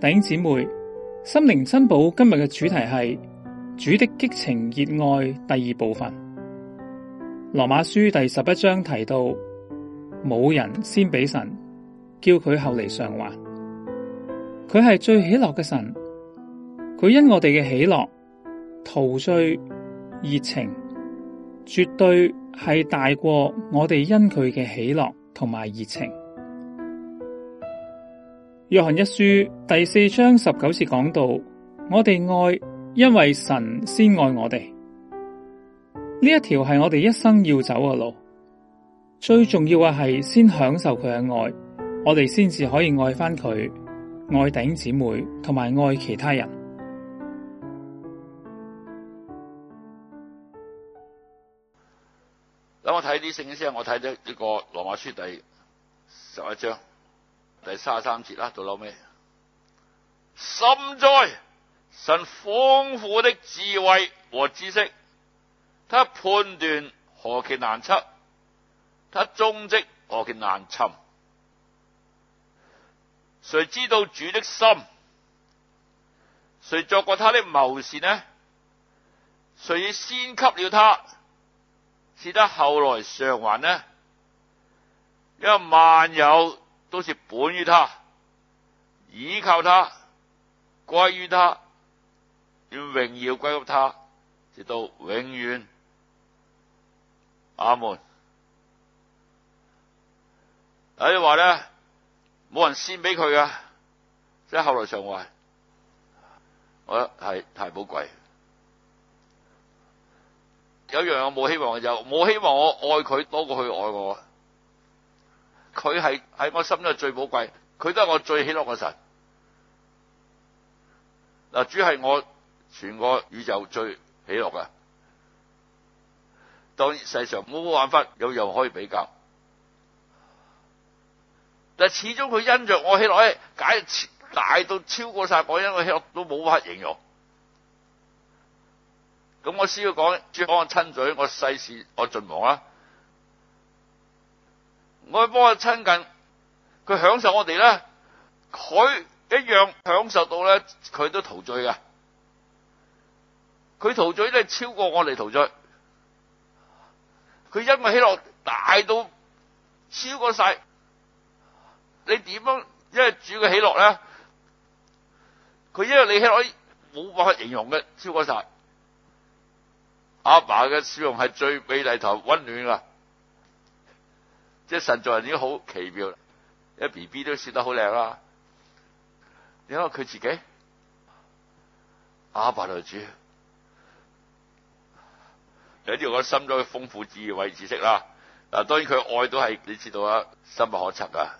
弟兄姊妹，心靈珍寶今日嘅主題係主的激情熱愛第二部分。羅馬書第十一章提到，冇人先畀神，叫佢後嚟償還。佢係最喜樂嘅神，佢因我哋嘅喜樂陶醉熱情，絕對係大過我哋因佢嘅喜樂同埋熱情。約翰一書第四章十九節講到：我哋愛，因為神先愛我哋。呢一條係我哋一生要走嘅路。最重要嘅係先享受佢嘅愛，我哋先至可以愛返佢，愛頂姊妹同埋愛其他人。等我睇啲聖經先，我睇咗呢個羅馬書第十一章。第三十三節啦，到後尾。深哉，神豐富的智慧和知識，他判斷何其難測，他蹤跡何其難尋。誰知道主的心？誰作過他的謀士呢？誰先給了他，使得後來償還呢？因為萬有。都是本於他，依靠他，歸於他，要榮耀歸給他，直到永遠。阿門。有啲話咧，冇人先俾佢嘅，即係後來償還，我覺得係太寶貴。有一樣我冇希望嘅就是，冇希望我愛佢多過佢愛我。佢係喺我心中最寶貴，佢都係我最喜樂嘅神。嗱，主係我全個宇宙最喜樂噶。當世上冇冇辦法有又可以比較，但係始終佢因着我喜樂咧，解大到超過晒嗰因我喜樂都冇法形容。咁我先要講，先講我親嘴，我世事我盡忙啦。我去幫佢親近，佢享受我哋咧，佢一樣享受到咧，佢都陶醉嘅。佢陶醉咧，超過我哋陶醉。佢因為喜樂大到超過晒，你點樣因為主嘅喜樂咧？佢因為你喜樂冇辦法形容嘅，超過晒。阿爸嘅笑容係最美麗同溫暖噶。即神造人已經好奇妙啦，一 B B 都說得好靚啦，你睇下佢自己阿爸樓主，有啲我心都豐富智慧知識啦，嗱，當然佢愛都係你知道啦，深不可測啊！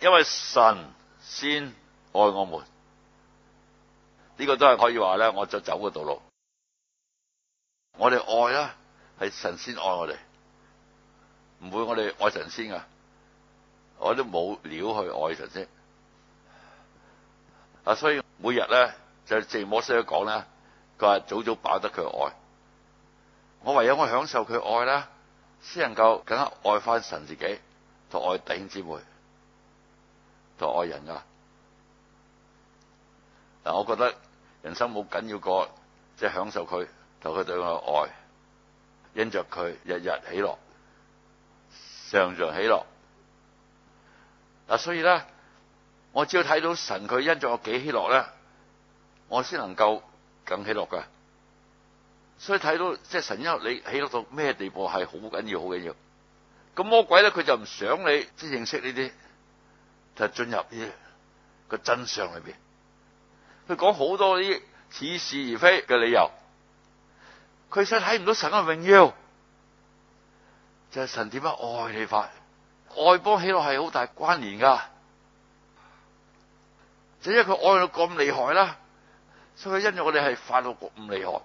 因為神先愛我們，呢、這個都係可以話咧，我就走嗰道路。我哋愛啦，係神先愛我哋，唔會我哋愛神先噶，我都冇料去愛神先。啊，所以每日咧就聖摩西講啦，佢話早早把得佢愛，我唯有我享受佢愛啦，先能夠更加愛翻神自己同愛弟兄姊妹。同愛人噶嗱，我覺得人生冇緊要過，即係享受佢，同佢對我嘅愛，因著佢日日喜樂，常常喜樂嗱，所以咧，我只要睇到神佢因著我幾喜樂咧，我先能夠更喜樂噶，所以睇到即係神因你喜樂到咩地步係好緊要，好緊要，噉，魔鬼咧佢就唔想你即認識呢啲。就進入呢個真相裏邊，佢講好多啲似是而非嘅理由，佢實睇唔到神嘅榮耀，就係、是、神點樣愛你法愛幫起落係好大關聯噶，就是、因為佢愛到咁厲害啦，所以因為我哋係犯到咁厲害。